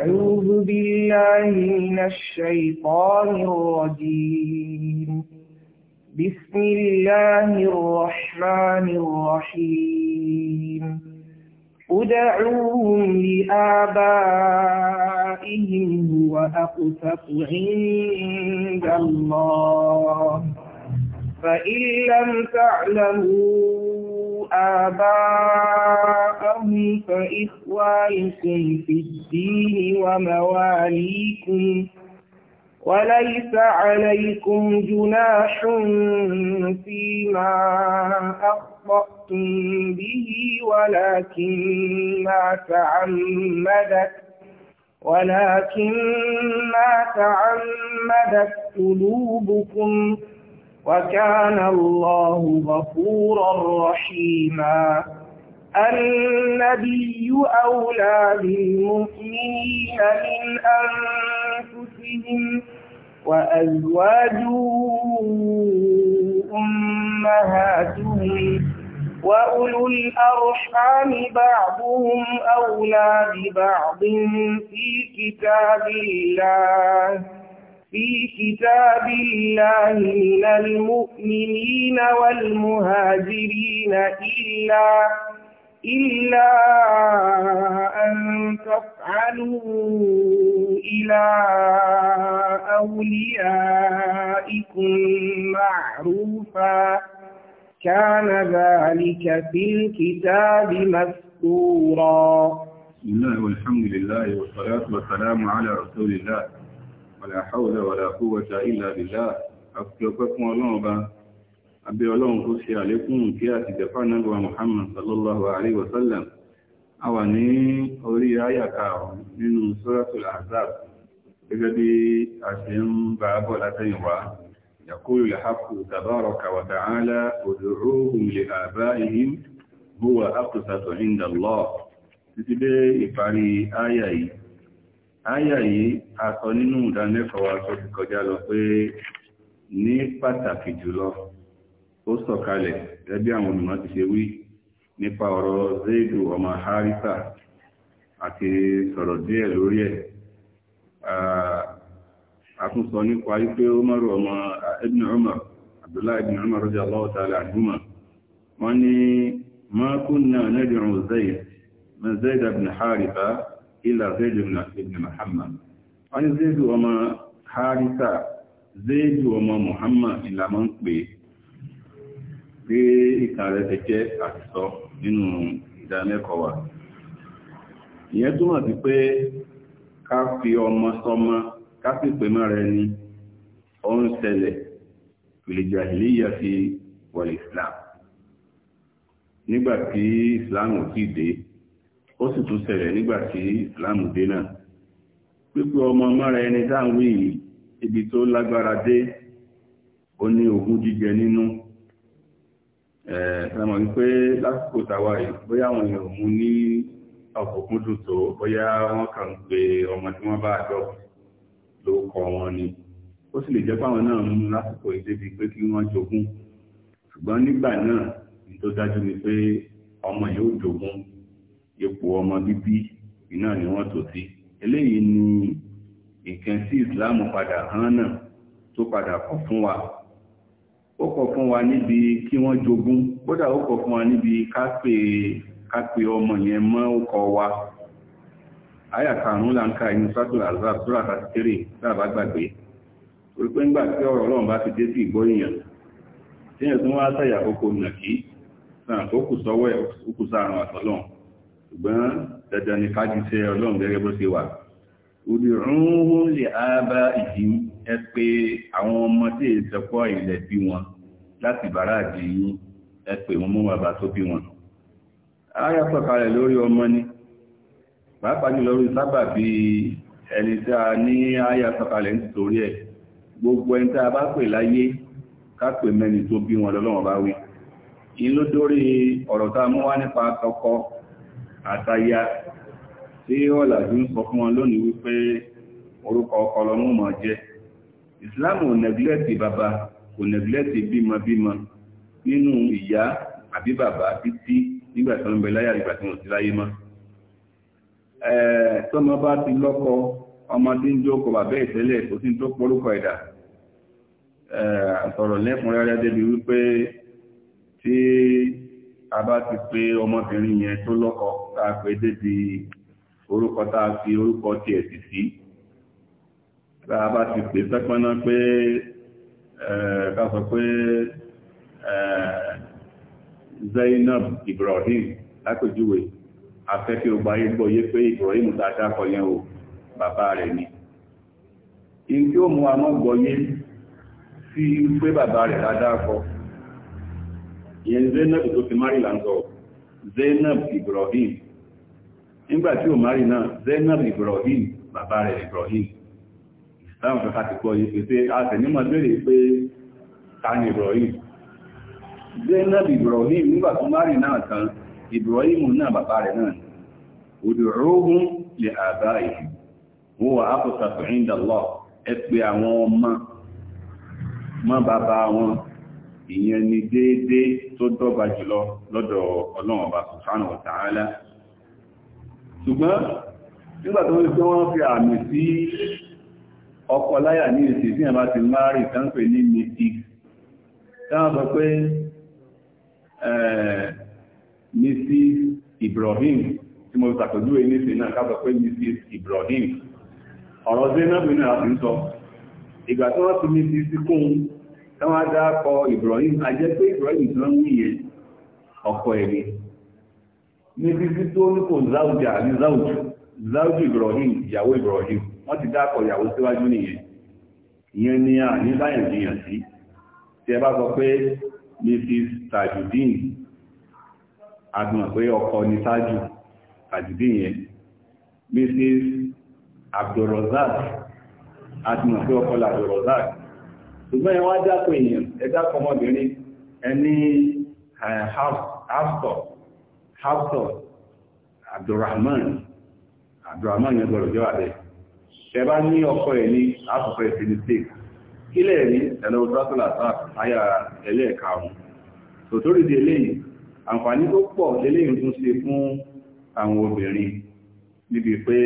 أعوذ بالله من الشيطان الرجيم بسم الله الرحمن الرحيم ادعوهم لآبائهم هو أقسط عند الله فإن لم تعلموا آباءهم فإخوانكم في الدين ومواليكم وليس عليكم جناح فيما أخطأتم به ولكن ما تعمدت ولكن ما تعمدت قلوبكم وكان الله غفورا رحيما النبي أولى بالمؤمنين من أنفسهم وأزواجه أمهاتهم وأولو الأرحام بعضهم أولى ببعض في كتاب الله في كتاب الله من المؤمنين والمهاجرين إلا إلا أن تفعلوا إلى أوليائكم معروفا كان ذلك في الكتاب مسطورا بسم الله والحمد لله والصلاة والسلام على رسول الله wàlà àháwòlà wàlà quwwata illa billah àfi ọpẹ́ fún ọlọ́run ọba abẹ́ ọlọ́run kó ṣe àlékún kí àti jẹ́fà náà Muhammad sallallahu alaihi wasallam a wà ní orí ayàká nínú suratul ahzab يقول الحق تبارك وتعالى ادعوهم لآبائهم هو أقسط عند الله títí dé ìparí áyà a sọ nínú ìdánilẹ́kọ̀ọ́ wa tó ti kọjá lọ pé ní pàtàkì jùlọ ó sọ̀kalẹ̀ gẹ́gẹ́ bí àwọn olùmọ̀ ti ṣe wí nípa ọ̀rọ̀ zaidu ọmọ harita àti sọ̀rọ̀ díẹ̀ lórí ẹ̀ àtúnsọ nípa wípé Umaru ọmọ ibn Umar Abdullah ibn Umar radiyallahu ta'ala anhuma wọ́n ní ma kunna nad'u Zayd min ibn Haritha ila Zayd ibn Muhammad wọ́n ní zéèdù ọmọ harisa zéèdù ọmọ muhammad ìlàmà ń pè pé ìtàn rẹ̀ ti jẹ́ àtìsọ nínú ìdánilẹ́kọ̀ọ́ wa ìyẹn túmọ̀ sí pé ká fi ọmọ sọmọ ká sì pè mọ́ rẹ ni ó ń ṣẹlẹ̀ ìlèjà ìlíyà islam nígbàtí islam ò tí dé ó sì tún ṣẹlẹ̀ nígbàtí islam dé náà pípé ọmọ mọ́ra ẹni tá ń wí ibi tó lágbára dé ó ní ogún jíjẹ nínú ẹ̀ẹ̀sẹ̀mọ̀ wípé lásìkò tàwa yìí bóyá àwọn èèyàn mú ní ọkùnkúndùn tó bóyá wọ́n kàn ń pe ọmọ tí wọ́n bá àjọ ló kọ wọn ni ó sì lè jẹ́ páwọn náà mú lásìkò ìdébi pé kí wọ́n jogún ṣùgbọ́n nígbà náà ní tó dájú ni pé ọmọ yóò jogún ipò ọmọ bíbí iná ni wọ́n tò sí eléyìí ni ìkẹ́ sí ìsìláàmù padà hàn náà tó padà kọ̀ fún wa ó kọ̀ fún wa níbi kí wọ́n jogún kódà ó kọ̀ fún wa níbi kápẹ́ ọmọ yẹn mọ́ ọkọ̀ wa àyà karùn-ún là ń ka inú sátúrà azab sóra àti tẹ́rẹ̀ sábà gbàgbé orí pé ńgbà tí ẹ̀ òkú sáàrùn àtọ́lọ́run ṣùgbọ́n dandan ni ká jíṣẹ́ ọlọ́run gẹ́gẹ́ bó ṣe wà olùrún lè ààbá ìdí ẹ pé àwọn ọmọ tí è sọpọ̀ ilẹ̀ bí wọn láti bàrá àdì yìí ẹ pé wọn mú bàbá tó bí wọn ara sọ̀kalẹ̀ lórí ọmọ ni pàápàá jùlọ lórí sábà bí ẹni tí a ní aya sọ̀kalẹ̀ nítorí ẹ̀ gbogbo ẹni tí a bá pè láyé ká mẹ́ni tó bí wọn lọ́lọ́wọ́n bá wí in ló ọ̀rọ̀ tá a mú wá nípa tọkọ àtayá tí ọ̀làjú ń sọ fún wọn lónìí wípé orúkọ ọkọ lọ́mú mọ̀ jẹ́ ìsìláàmù ò nẹ̀gílẹ́tì bàbá kò nẹ̀gílẹ́tì bímọbímọ nínú ìyá àbí bàbá títí nígbà tí wọ́n bẹ láyà ìgbà tí wọ́n ti láyé mọ́ tọ́mọ bá ti lọ́kọ ọmọ tí ń jókòó bàbá ìtẹ́lẹ̀ kò a bá ti pé ọmọbìnrin yẹn tó lọ́kọ tá a pé débi orúkọ tá a fi orúkọ tiẹ̀ sì sí tá ti pè sẹ́pọ́nà pé ká pé Zainab Ibrahim lápèjúwe afẹ́ kí o gba igbó pé Ibrahim tàdá kọ yẹn o bàbá rẹ̀ ni in tí ó mú amọ́gbọ̀yé sí pé bàbá rẹ̀ ládáàkọ́ ìyẹn Zainab tó fi mari lanzọ Zainab Ibrahim nígbà tí ó mari náà Zainab Ibrahim bàbá rẹ̀ Ibrahim islam kẹta ti kọ́ yìí pé àtẹ̀nímọ̀ bèèrè pé ta ni Ibrahim Zainab Ibrahim nígbà tó mari náà tán Ibrahim náà bàbá rẹ̀ náà òdòrógún lè àbá ìhìn wọ́n wà ápùsàtò ìndàlọ́ ẹ pé àwọn ọmọ mọ́ bàbá wọn ìyẹn ni déédéé tó dọ́gba jùlọ lọ́dọ̀ ọlọ́run ọba subhanahu wa ta'ala ṣùgbọ́n nígbà tó wípé wọ́n fi àmì sí ọkọ láyà ní ìsì tí ẹ̀bá ti márì tán ní mystic Ibrahim tí mo tàkójú ẹni sí náà ká sọ pé Ibrahim ọ̀rọ̀ zénàbì náà fi ń sọ ìgbà tí wọ́n ti mrs kún tán wá dákọ Ibrahim ajẹ́ pé Ibrahim tí wọ́n ń wí yẹn ọkọ ẹ̀rí ní títí tó ní kò záùjà ní záùjù záùjù Ibrahim ìyàwó Ibrahim wọ́n ti dákọ ìyàwó síwájú nìyẹn ìyẹn ni a ní báyìí jiyàn sí tí ẹ bá sọ ṣùgbọ́n ẹwà dákò èèyàn ẹ̀dákọ̀ ọmọbìnrin ẹni hafsọ abdulrahman abdulrahman yẹn gbọ́rọ̀ jọ àbẹ́ ṣẹba ní ọkọ̀ ẹ̀ ní afọ̀fẹ́ finistik kílẹ̀ ní ẹ̀lọ́ drátọ́lá sáyà ẹlẹ́ẹ̀karùn tòtórí di eléyìí àǹfààní tó pọ̀ lélẹ́yìn tún ṣe fún àwọn obìnrin níbi pé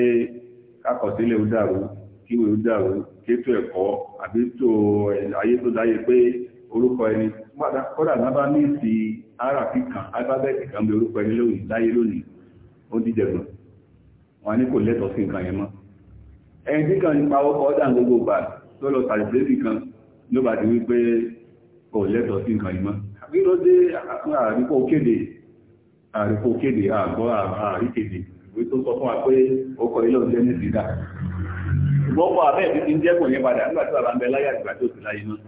kákọ̀sílẹ̀ ó dàrú kíwèé ó kétò ẹ̀kọ́ àbí tó ayé tó dáyé pé orúkọ ẹni kọ́dà lábá ní kan kan bí orúkọ ẹni lónìí láyé lónìí ó díjẹ̀gbọ̀n wọn ní kò lẹ́tọ̀ọ́ sí nǹkan yẹn mọ́ ẹni tí kan nípa ọkọ̀ gbogbo gbà tó lọ kan ló bá ti wípé kò lẹ́tọ̀ọ́ sí nǹkan yẹn mọ́ àbí ló dé àríkò kéde àríkò kéde àgọ́ ìwé tó sọ fún wa ṣùgbọ́n kọ́ abẹ́ ìdí ń jẹ́kùn yẹn padà nígbà tí àbámbẹ láyé àgbà tó ti láyé náà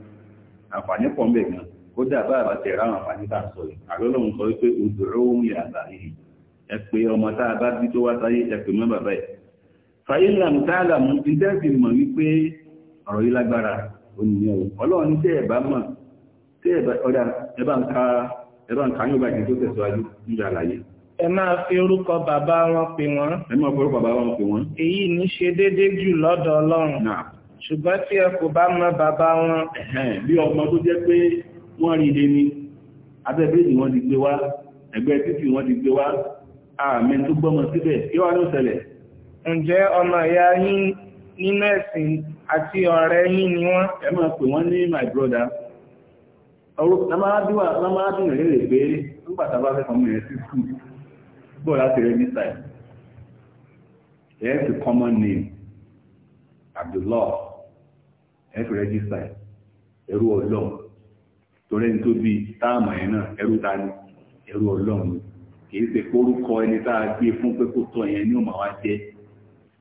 àǹfààní pọ̀ ń bẹ̀ gan kó dà bá àbá tẹ̀ ráwọn àǹfààní tá à ń sọ yìí àlọ́lọ́run sọ wípé òdòrò ohun yà àgbà yìí ẹ pé ọmọ tá a bá bí tó wá sáyé ẹ pè mọ́ bàbá ẹ̀. fàyè lànà tá a là mú ti dẹ́sì mọ̀ wípé ọ̀rọ̀ yìí lágbára ònìyàn ọlọ́run tẹ́ ẹ̀ bá mọ̀ tẹ́ ẹ̀ Ẹ máa fi orúkọ bàbá wọn pè wọ́n. Ẹ máa fi orúkọ bàbá wọn pè wọ́n. Èyí ní ṣe déédéé jù lọ́dọ̀ Ọlọ́run. Ṣùgbọ́n tí ẹ kò bá mọ bàbá wọn. Bí ọmọ tó jẹ́ pé wọ́n rí ilé ni, abẹ́bẹ́ẹ̀dì wọ́n ti gbé wá, ẹgbẹ́ títì wọ́n ti gbé wá, àmì tó gbọ́mọ síbẹ̀, kí wá ló ṣẹlẹ̀? Ǹjẹ́ ọmọ ìyá yín nínú ẹ̀sìn àti ọ̀rẹ́ yín ni wọ́n? Ẹ máa pè wọ́n ní my brother. Ọ̀rọ̀ lámáàdúnà lè pé nígbàtà bá fẹ́ kọmọ ẹ̀ sí skúl bọ́ láti rẹ̀ ní sáì ẹ̀ẹ́fì common name Abdullah ẹ̀ẹ́fì register ẹrú ọlọ́run torí ẹni tó bí táàmù ẹ̀ náà ẹrú ta ni ẹrú ọlọ́run kìí ṣe kórúkọ ẹni tá a gbé fún pé kó tọ́ yẹn ní òmà wá jẹ́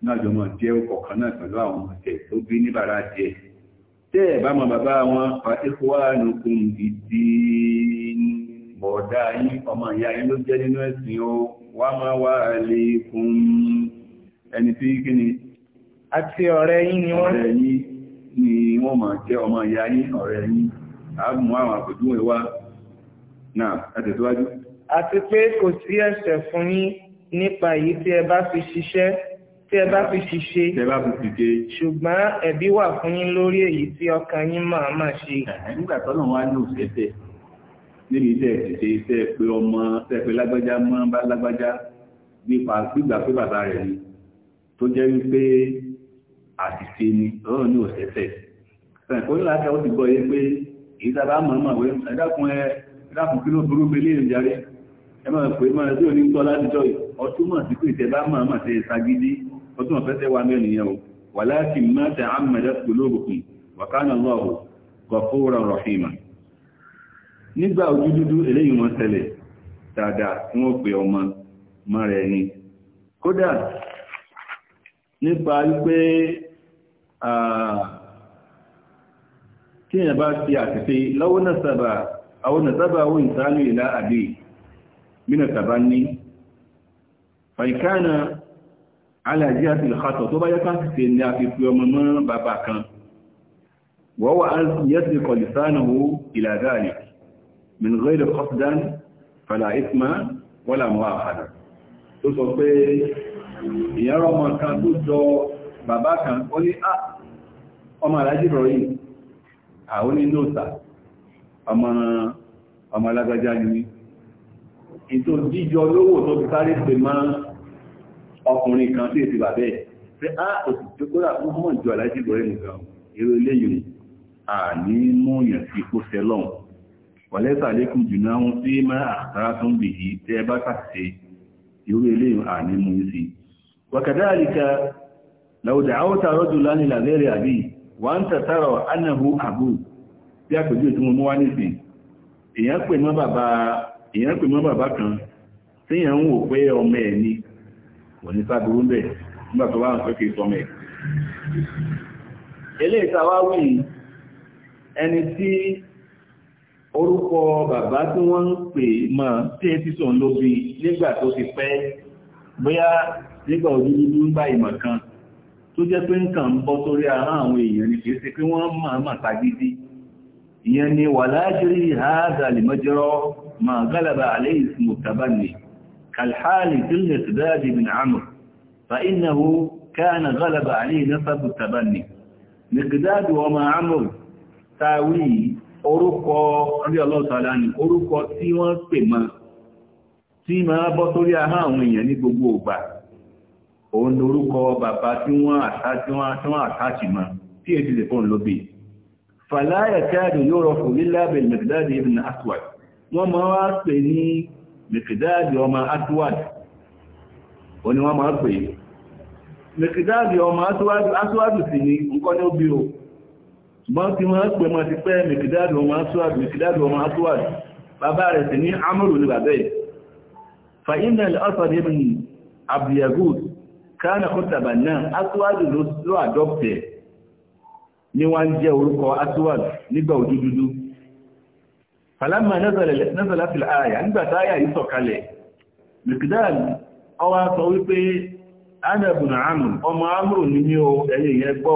náà jọmọ jẹ́ ọkọ̀kan náà pẹ̀lú àwọn ọ̀tẹ̀ tó gbé ní bàrá jẹ tẹ́ ẹ̀ bá mọ bàbá wọn fàtíkọ́wà nùkùn ìdí mọ̀ọ́dá yín ọmọ ìyá yín ló jẹ́ nínú ẹ̀sìn o wà máa wà lè kún ẹni tí kí ni àti ọ̀rẹ́ yín ni wọ́n ọ̀rẹ́ yín ni wọ́n máa jẹ́ ọmọ ìyá yín ọ̀rẹ́ yín àmú àwọn àpòjúwẹ̀ wá náà ẹ̀tẹ̀síwájú àti pé kò sí ẹ̀ṣẹ̀ fún yín nípa èyí tí ẹ bá fi ṣiṣẹ́ tí ẹ bá fi ṣiṣẹ́ ṣùgbọ́n ẹ̀bí wà fún yín lórí èyí tí ọkàn yín máa máa ṣe níbi iṣẹ́ ìṣe iṣẹ́ pé ọmọ sẹ́pẹ́ lágbájá mọ́ bá lágbájá nípa gbígbà pé bàbá rẹ̀ ni tó jẹ́ wípé àṣìṣe ni ọ̀rọ̀ ní òṣẹ́ṣẹ́ sẹ̀kọ́ yóò láti ọ́ ti gbọ́ yé pé èyí sábà mọ̀ mọ̀ wé ẹ̀dàkùn ẹ ẹ̀dàkùn kí ló burú pé lè jàre ẹ máa pè máa tí wa mẹ́rin wà láti mọ́ta àmàdà pẹ̀lú òkùn wàkánà lọ́wọ́ gọ̀fúra rọ̀hìmà nígbà ojú dúdú eléyìí wọn tẹ́lẹ̀ dáadáa tí wọ́n pè ọmọ mọ́ rẹ̀ ni kódà nípa wípé tí èyàn bá fi àtìfẹ́ lọ́wọ́ náà sábà àwọn nàtàbà àwọn ìsáàlù ìlà àbí mínà tàbá ní fàìkánà alàjíyà ti lọ́kàtọ̀ tó bá yẹ́ káàkiri ní àfihàn ọmọ mọ́ bàbá kan wọ́wọ́ yẹ́ ti kọ̀lìsánà ìlàdáàlì min ghayri qasdan fala ithma wala mu'akhadha tó sọ pé ìyẹ́rọ ọmọ kan tó jọ bàbá kan ó ní ah, à ọmọ alájìrọ̀ yìí àwọn onínúòsà ọmọ alágbájá ni ìtò jíjọ lówó tó ti sáré pè máa ọkùnrin kan sí èsì bàbẹ́ pé á ah, òsì tó kó rà fún ọmọ ìjọ alájìrọ̀ yìí nìkan eré ilé yìí à ní mú yàn sí kó sẹ́lọ́run wàlẹ́sà lékùn jùnà ń sí máa àtàrà tó ń bè yìí tẹ́ bá tàṣẹ irú ilé ànímú sí wàkàdáàlìkà làwùdà áwọ́ta rọ́jù lánìí làzẹ́rẹ̀ àbí wọ́n tàtàrà ánàhù àbú bí àpèjú tí mo mú wá nísìn ni wọ́n ní sáàbùrú ń bẹ̀ nígbà tó ẹni tí orúkọ bàbá tí wọ́n ń pè mọ́ tí ẹ sísọ̀ ló bí nígbà tó ti pẹ́ bóyá nígbà ojú dúdú ń gbá ìmọ̀ kan tó jẹ́ pé nǹkan ń bọ́ sórí ara àwọn èèyàn ni kìí ṣe pé wọ́n máa mà tagídí ìyẹn ni wà láàjírí àádà lèmọ́jọ́rọ́ máa gálàbà alẹ́ ìsìn kalhali tilẹ̀ orúkọ rí ọlọ́ọ̀tàlá ni orúkọ tí wọ́n pè mọ́ tí ma bọ́ sórí ahá àwọn èèyàn ní gbogbo ọgbà òun ni orúkọ bàbá tí wọ́n àtàtì tí èdè lè fàláyà yóò rọ̀fù lílábẹ̀ mẹ̀kìdáàdì ibn aswad wọ́n máa wá pè ní mẹ̀kìdáàdì ọmọ ṣùgbọ́n tí wọ́n pè mọ́ ti pẹ́ mẹ̀kìdádù ọmọ asúwàdù mẹ̀kìdádù ọmọ asúwàdù bàbá rẹ̀ sì ní amúrù ní bàbá ẹ̀ fa'ina al'asar ibn abdiyagud kánà kọtàbà náà asúwàdù ló àdọ́pẹ̀ ní wọ́n jẹ́ orúkọ asúwàdù nígbà ojú dúdú falamma nazala fil aya sọ wípé ana ibn ọmọ amúrù ní ní o ẹ̀yìn ẹgbọ́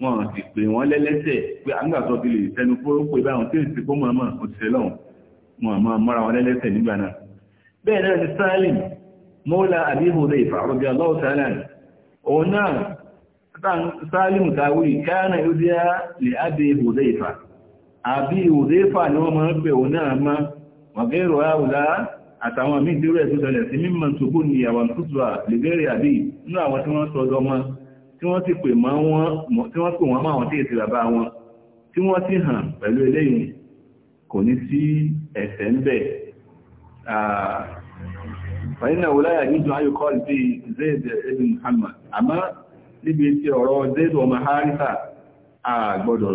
wọn sì pè wọ́n lẹ́lẹ́sẹ̀ pé àgbàtọ́ ti lè tẹnu kóró pé báwọn tí ìsìnkú mọ̀mọ̀ òṣìṣẹ́ lọ́wọ́ wọn máa mọ́ra wọn lẹ́lẹ́sẹ̀ nígbà náà bẹ́ẹ̀ náà ni Salim mọ́lá Abi Hudayfa radiyallahu ta'ala òun náà Salim tàwí kana yudya li Abi Hudayfa Abi Hudayfa ni wọ́n máa ń pè òun náà mọ́ wàgẹ́rọ àwùlá àtàwọn míì tí wọ́n ti pè wọ́n máa wọ́n tí èsì bàbá wọn tí wọ́n ti hàn pẹ̀lú eléyìn kò ní sí ẹ̀ṣẹ̀ ń bẹ̀ fàyínà wòláyà nínú ayòkọ́ ìdí Zayd ibn Muhammad àmọ́ níbi tí ọ̀rọ̀ Zayd ọmọ Haritha àgbọ́dọ̀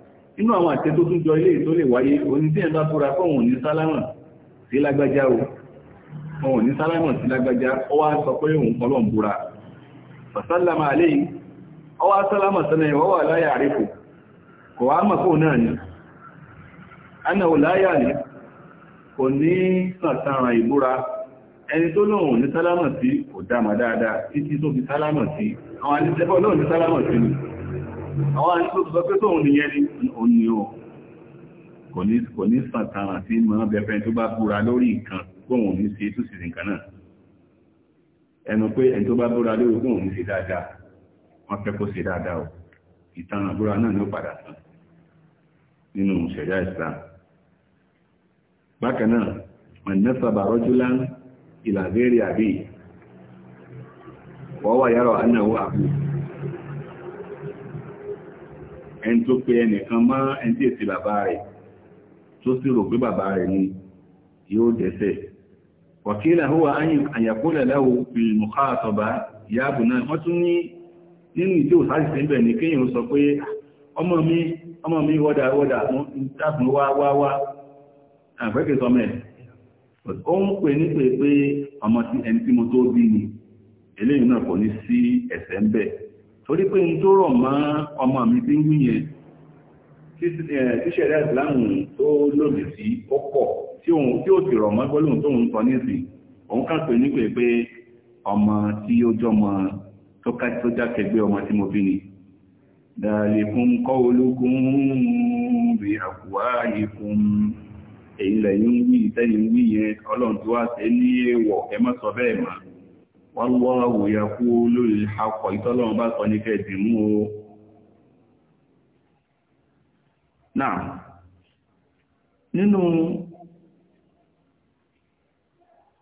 inú àwọn àti tó tún jọ ilé tó lè wáyé onídí ẹ̀dá fúra fọ́wọ̀n ní sálámà sí lágbájá o fọ́wọ̀n ní sálámà sí lágbájá ó wá sọ pé òun kọ́ lọ́n búra fàsálámà àléyìn ó wá sálámà sẹ́nà ìwọ́ wà láyà àrífò kò wá mọ̀ fóun náà ni ana ò láyà ni kò ní sàtàràn ìbúra ẹni tó lóhùn ní sálámà sí kò dáma dáadáa títí tó fi sálámà sí àwọn àti àwọn àríkò pé tóun nìyẹn ni ni ó kò ní sàtàrà sí mọ́ bẹ̀fẹ́ tó bá búra lórí nǹkan kóhun ní sí tó sì nǹkan náà ẹnu pé ẹni tó bá búra lórí kóhun ní sí dáadáa wọ́n fẹ́ kó sí dáadáa o ìtàrà búra náà ló padà tán nínú ṣẹ̀dá Islam bákan náà mọ̀nẹ́sàbà rọ́júlá ìlàvérí àbí wọ́wà yàrá annáwó àbúrò ẹni tó pe ẹnìkan mọ́ ẹni tí èsì bàbá rẹ̀ tó sì rò pé bàbá rẹ̀ ni yóò dẹ́sẹ̀ wàkílà huwa àyàkólẹ̀ láwò fi mùká àtọ̀bá ìyáàbù náà wọ́n tún ní nínú ìdí òsáàsì ń bẹ̀ ní kéyàn sọ pé ah, ọmọ mi ọmọ mi wọ́dà wọ́dà dákùn wá wá wá àfẹ́kẹ́ sọmẹ̀ ó ń pè ní pé orí pé n tó rọ̀ mọ́ ọmọ mi tí ń yún yẹn tíṣẹ̀rẹ́ ìsìláàmù tó lòdì sí ó pọ̀ tí ó ti rọ̀ mọ́ gbọ́lùn tó ń sọ nísìn òun kà pé nípe pé ọmọ tí ó jọmọ tó jákẹgbẹ́ ọmọ tí mo bí ni dàlẹ̀kún kọ́ ológun bí àkùwá ikun èyí lẹ̀yìn wí ìtẹ́yìn wí yẹn ọlọ́run tó wá sí ní èèwọ̀ ẹ má sọ bẹ́ẹ̀ máa wọ́lọ́wọ́ ya kú lórí akọ̀ ìtọ́lọ́wọ́ bá kọ ní kẹ́ẹ̀dì mú o náà nínú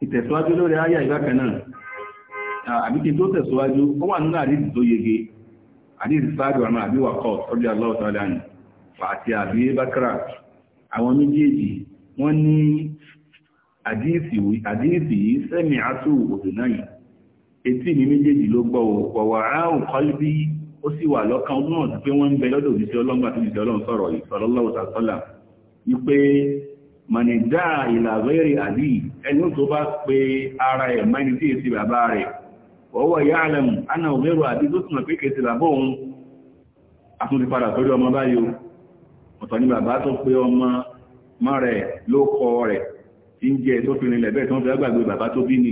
ìtẹ̀síwájú lórí ayà ìgbákan náà àbíkí tó tẹ̀síwájú ó wà nínú àdíjì tó yege àdíjì sáàdù àmà àbíwà yìí sẹ́mì òdò náà etí mi méjèèjì ló gbọ́ ò pọ̀wọ̀ àáhùn kọ́lbí ó sì wà lọ́kàn ó náà pé wọ́n ń bẹ lọ́dọ̀ òjíṣẹ́ ọlọ́run àti òjíṣẹ́ ọlọ́run sọ̀rọ̀ ìsọ̀lọ́lọ́wọ́ sàtọ́là wípé mọ̀nìdá ìlàwẹ́rẹ̀ àdí ẹni tó bá pe ara ẹ̀ mẹ́ni tí èsì bàbá rẹ̀ ọwọ́ ìyá alẹ́mù ana òmẹ́rù àdí tó túnmọ̀ pé kèsì bàbá ló kọ rẹ̀ tí ń jẹ tó fi rinlẹ̀ bẹ́ẹ̀ tó ń fi gbàgbé bàbá tó bí ni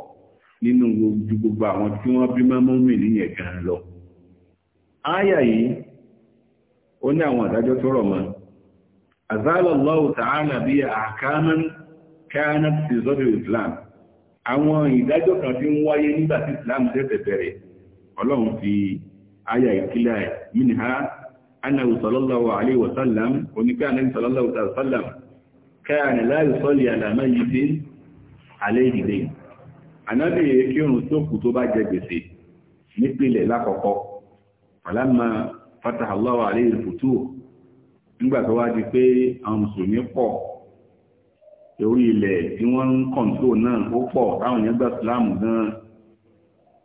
nínú ju gbogbo àwọn tí wọ́n bí mọ́mọ́ mì níyẹn gan lọ ááyà yìí ó ní àwọn àdájọ́ tó rọ̀ mọ́ azalallahu ta'ala bí ahkaman kanat fi zọ́dọ̀ islam àwọn ìdájọ́ kan tí ń wáyé nígbà tí islam tẹ́tẹ̀ bẹ̀rẹ̀ ọlọ́run fi ááyà ìkílẹ̀ minha annahu sallallahu alaihi wasallam oníkẹ́ ànábì yìí kírun sókù tó bá jẹ gbèsè nípìnlẹ̀ lákọ̀ọ́kọ́ fàlámà fatahallahu alayhi futuh nígbà tó wá di pé àwọn mùsùlùmí pọ̀ orí ilẹ̀ tí wọ́n ń kọ̀ǹtò náà ó pọ̀ táwọn èèyàn gbà síláàmù gan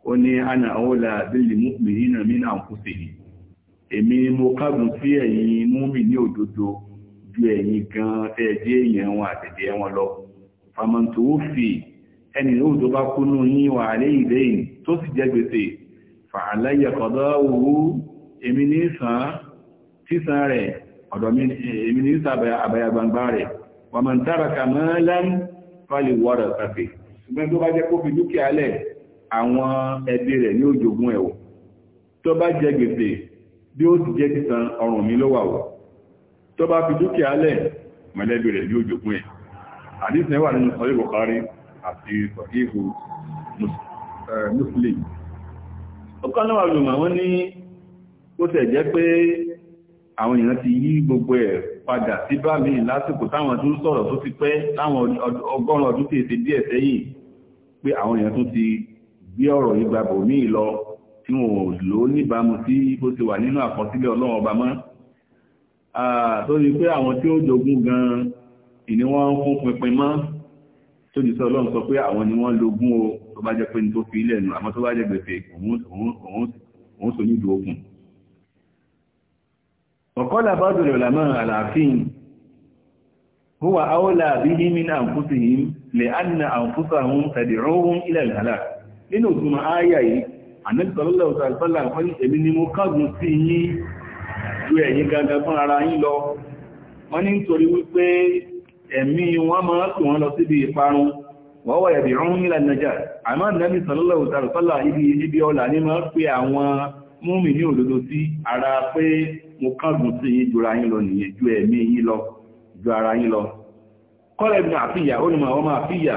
ó ní ana awla bil mu'minina min anfusihim èmi ni mo kágun sí ẹ̀yin múmi ní òdodo ju ẹ̀yin gan tẹ́ẹ̀dí èèyàn wọn àtẹ̀dẹ̀ wọn lọ fàmọ̀ntò ẹni yóò tó bá kú nú yín wà alẹ́ ìdẹ́yìn tó sì jẹ́ gbèsè fàálẹ́yẹ kọ̀dọ̀ owó èmi ní sàn sísan rẹ̀ ọ̀dọ̀ èmi ní sàbàyà gbangba rẹ̀ wà mọ̀ tára kà mọ́ fi dúkìá lẹ̀ àwọn rẹ̀ ní òjògùn ẹ̀wọ̀ tó bá jẹ nínú sọ́lé àti ìfọ̀híhù muslim ọkọ̀ náà lùmọ̀ wọ́n ní ó tẹ̀ jẹ́ pé àwọn èèyàn ti yí gbogbo ẹ̀ padà sí bá mi lásìkò táwọn tó ń sọ̀rọ̀ tó ti pẹ́ láwọn ọgọ́rùn ọdún tí èsè díẹ̀ sẹ́yìn pé àwọn èèyàn tó ti gbé ọ̀rọ̀ ìgbàbò míì lọ tí wọn ò lò níbàámu sí bó ti wà nínú àkọsílẹ̀ ọlọ́run ọba mọ́ tó ní pé àwọn tí ó jogun gan-an ìní wọ́n ń fún pinpin mọ́ tó ní sọ ọlọ́run sọ pé àwọn ni wọ́n lógún o tó bá jẹ́ pé ní tó fi ilẹ̀ nù àmọ́ tó bá jẹ́ gbèsè òun sọ nídùú okùn ọ̀kọ́lá bá dùn àlàáfíìn huwa aula bihi min anfusihim li anna anfusahum tad'uhum ila al-halak nínú tuma ẹ̀mí wọn máa pè wọn lọ síbi ìparun wọ́n wọ̀ ẹ̀bì rán nílà nàjà àmọ́ nàbí sallallahu alaihi wasallam ibi ibi ọlà ní máa pè àwọn múmi ní òdodo sí ara pé mo kángun sí yí jura yín lọ nìyẹn ju ẹ̀mí yín lọ ju ara yín lọ kọ́lẹ̀ ibn àfíyà ó ní ma àfíyà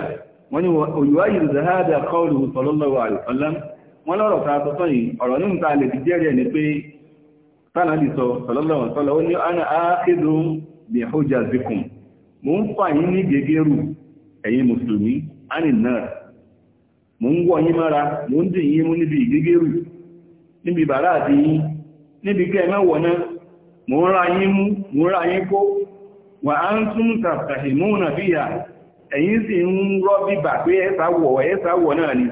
wọ́n ni òyíwá yìí zahada kọlù sallallahu alaihi wasallam wọ́n lọ́rọ̀ ta sọ́tọ́ mo ń fa yín ní gègérù ẹ̀yin mùsùlùmí ánì náà mo ń wọ́ yín mọ́ra mo ń dì yín mú níbi ìgègérù níbi bàrá àti yín níbi kẹ́ mẹ́wọ̀ náà mo ń ra yín mú mo ń ra yín kó wà á ń tún tàtàhìmúnà bíyà ẹ̀yin sì ń rọ́ bíbà pé wọ̀ wọ̀ náà ni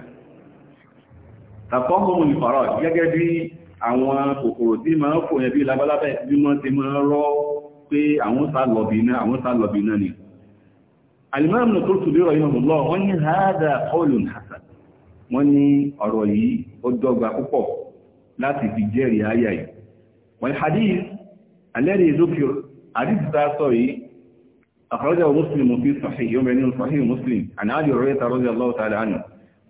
gẹ́gẹ́ bí àwọn kòkòrò tí máa ń bí pé àwọn sá lọ̀bì náà àwọn sá lọ̀bì náà ni alimam na tó tùbí rọ̀ yíò lọ́ wọ́n ní hádà qaulun hasan wọ́n ní ọ̀rọ̀ yìí ó dọ́gba púpọ̀ láti fi jẹ́rìí ayà yìí wọ́n hadith alẹ́rì zókìr hadith ta sọ yìí akhrajahu muslim fi sahih yóò mẹ́rin sahih muslim an ali rẹ̀ ta rọ́jà lọ́wọ́ ta lánà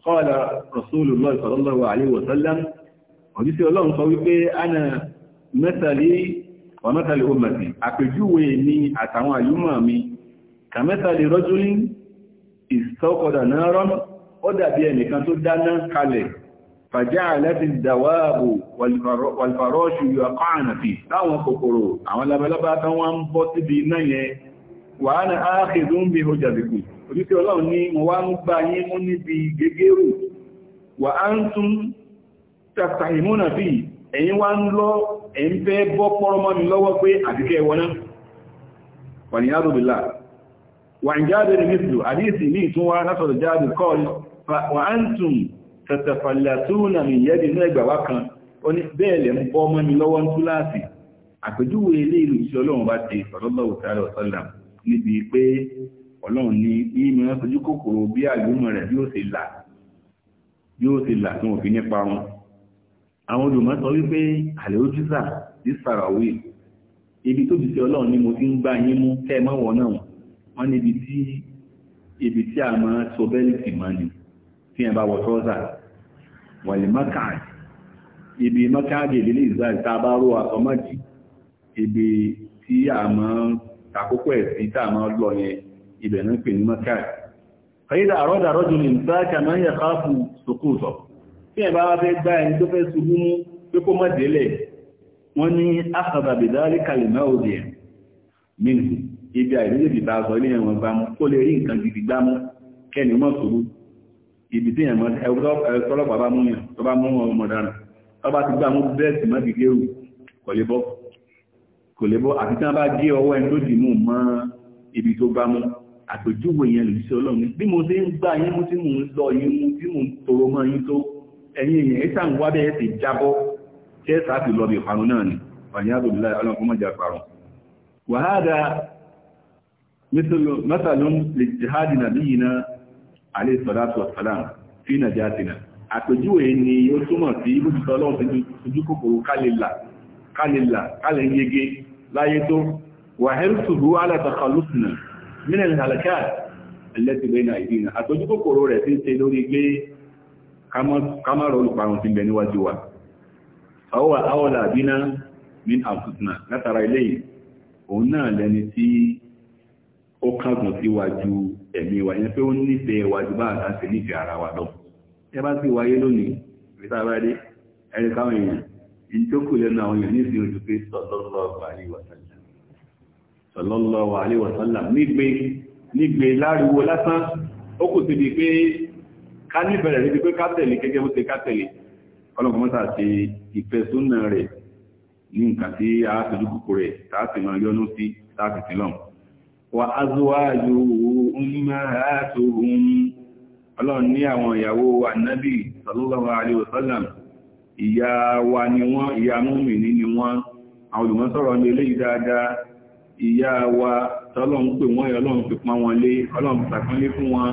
qala rasulullah sallallahu alaihi wasallam òjísí ọ̀mẹ́tàlì omẹ̀tì àpèjúwe ní àtàwọn àyúmọ̀ mi kàmẹ́tàlì rọ́júlín ìsọ́kọ̀dà náà rọ́nà ó dàbí ẹnìkan tó dáná kalẹ̀ fàjá àlẹ́tì dàwàbò wàlfàrọ́ṣù yọkọ̀ọ̀nà fi láwọn kòkòrò àwọn labalábá tán wọ́n ń bọ́ ẹ̀yìn wá ń lọ ẹ̀ ń fẹ́ bọ́ pọ́rọ mọ́ mi lọ́wọ́ pé àdíkẹ́ wọná wà ní àdúbìlá wà ń jáde ní mìsìlù àdíìsì ní ìtúnwá látọ̀dọ̀ jáde kọ́ọ̀lù wà á ń tún tẹ̀tẹ̀fàlà túnà mi yẹ́dì ní ẹgbàwá kan sallallahu ta'ala wa sallam níbi pé ọlọ́run ní ìmọ̀ sojú kòkòrò bí àlùmọ̀ rẹ̀ yóò ti là tí àwọn olùmọ̀ sọ wípé àlèójúsà ti sàràwé ibi tó ti ṣe ọlọ́run ni mo ti ń gbá yín mú kẹ́ ẹ mọ́wọ́ náà wọ́n níbi tí ibi tí a máa so bẹ́lìtì máa ní tí ẹ bá wọ trọ́sà wàlì mọ́kàájì ibi mọ́kàájì ìdílé ìzáì tá a bá ró àtọmọ́jì ibi tí a máa takókò ẹ̀sí tá a máa lọ yẹn ibẹ̀ náà pè ní mọ́kàájì fẹ́yìdà àrọ́dà rọ́jùlì ń sáà kà yẹ káàkù sókòtọ̀ tí ẹ̀bá wá fẹ́ gbá ẹni tó fẹ́ ṣubú mú pé kó mọ́ délẹ̀ wọ́n ní afọ̀bàbìdárì kalẹ̀mọ́ òdì ẹ̀ mìíràn ibi àìrílẹ̀bì bá sọ ilé ẹ̀wọ̀n gbámú kó lè rí nǹkan gidi gbámú kẹ́ni mọ́ ṣubú ibi tí ẹ̀wọ̀n bá mú yàn tó bá mú ọmọ dára tó bá ti ọlọ́run bí mo ṣe ń gbá yín mú tí mò ń lọ yín mú tí mò ń tọrọ mọ́ yín tó ẹ̀yìn èèyàn ìta ń wá bẹ́ẹ̀ ti jábọ́ tí ẹ́ sáàtì lọ bí ìparun náà ni ọ̀yìnbòlá ọlọ́pọ̀mọ́jà parun wàhádà mẹ́sàlùm lè jihadi nàbíyìnà alẹ́sọ̀látọ̀ sàlám fi nàjáàtìnà àpèjúwe ni ó túmọ̀ sí ibùsùsọ ọlọ́run ojú kòkòrò kálẹ̀lá kálẹ̀ yege láyé tó wàhẹ́rùsùrù alẹ́tàkàlùsùnà mínà ìhàlẹ́kà ẹlẹ́tìlẹ́nà ìdínà àpèjú kòkòrò rẹ̀ tí ń ṣe lórí gbé kámọ́rọ̀ olùparun ti bẹ̀ níwájú wa àwọ́wà àwọ́là àbínà min àfúsùnà látara ilé òun náà lẹni tí ó kágùn sí wájú ẹ̀mí wa yẹn pé ó nífẹ̀ẹ́ wájú bá àtàṣe nífẹ̀ẹ́ ara wa lọ ẹ bá sì wáyé lónìí ìtàbádé ẹni káwọn èèyàn in tó kù lẹ́nu àwọn èèyàn nífẹ̀ẹ́ ojú pé sallallahu alaihi ká níbẹ̀rẹ̀ níbi pé kátẹ̀lé gẹ́gẹ́ bó ṣe kátẹ̀lé ọlọ́pàá mọ́ta ṣe ìfẹ́ súnà rẹ̀ ní nǹkan tí a ṣojú kòkó rẹ̀ tààtì máa yọ́nú sí tààtì sílọ̀m wà azúwájú ummahatuhum ọlọ́run ní àwọn ìyàwó sallallahu alaihi wasallam ìyá wa ni wọ́n ìyá múmìnì ni wọ́n àwọn wa tọ́lọ́run pè wọ́n ọlọ́run fi pán wọn lé ọlọ́run fi sàkánlé fún wọn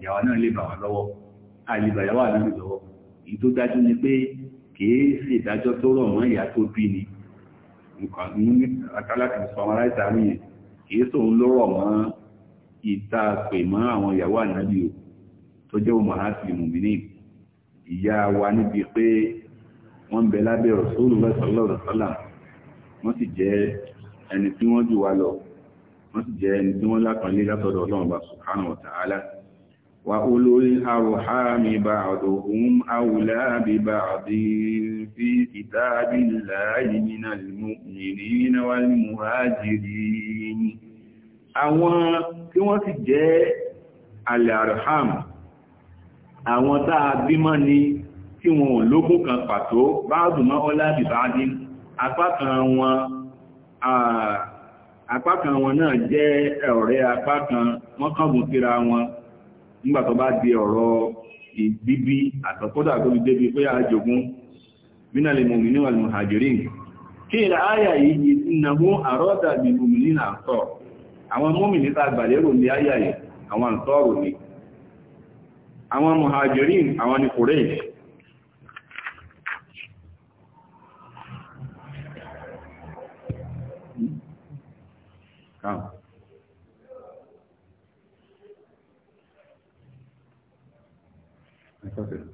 ìyàwó náà lè bà wá lọ́wọ́ àlebà ìyàwó àlórí lọ́wọ́ èyí tó dájú ni pé kìí sí ìdájọ́ tó rọ̀ mọ́ ìyá tó bí ni nǹkan ní akálákì sọ ọmọ aláìsà rí yẹn kìí sóun ló mọ́ ìta pè mọ́ àwọn ìyàwó ànábì tó jẹ́ òmò àti ìmùmínì ìyá wa níbi pé wọ́n ń bẹ lábẹ́ rọ̀sọ́lù lọ́sọ̀lọ́rọ̀ sọ́là wọ́n sì jẹ́ ẹni tí wọ́n jù wá lọ wọ́n sì jẹ́ ẹni tí wọ́n lápàlé látọ̀dọ̀ ọlọ́run bá subhanahu wa ta'ala وأولو الأرحام بعضهم أولى ببعض في كتاب الله من المؤمنين والمهاجرين àwọn tí wọ́n ti jẹ́ alẹ́arham àwọn táa bímọ́ ni tí wọn ò lógún kan pàtó báàdùmọ́ ọlábìbáàdì apákan wọn náà jẹ́ ọ̀rẹ́ apákan wọ́n kọ́gùn síra wọn nígbà tó bá di ọ̀rọ̀ ìbíbí àtọ̀kọ́dà tó lè débi pé àjogún mínàlè mòmìnì wà lùhàjìrín kí ìlà áyà yìí ìnáwó àrọ́dà bí mòmìnì náà sọ àwọn mòmìnì tá gbàlérò ní áyà yìí àwọn àǹsọ́rò ni àwọn mùhàjìrín àwọn ni kùrẹ́ẹ̀ṣì Come. Okay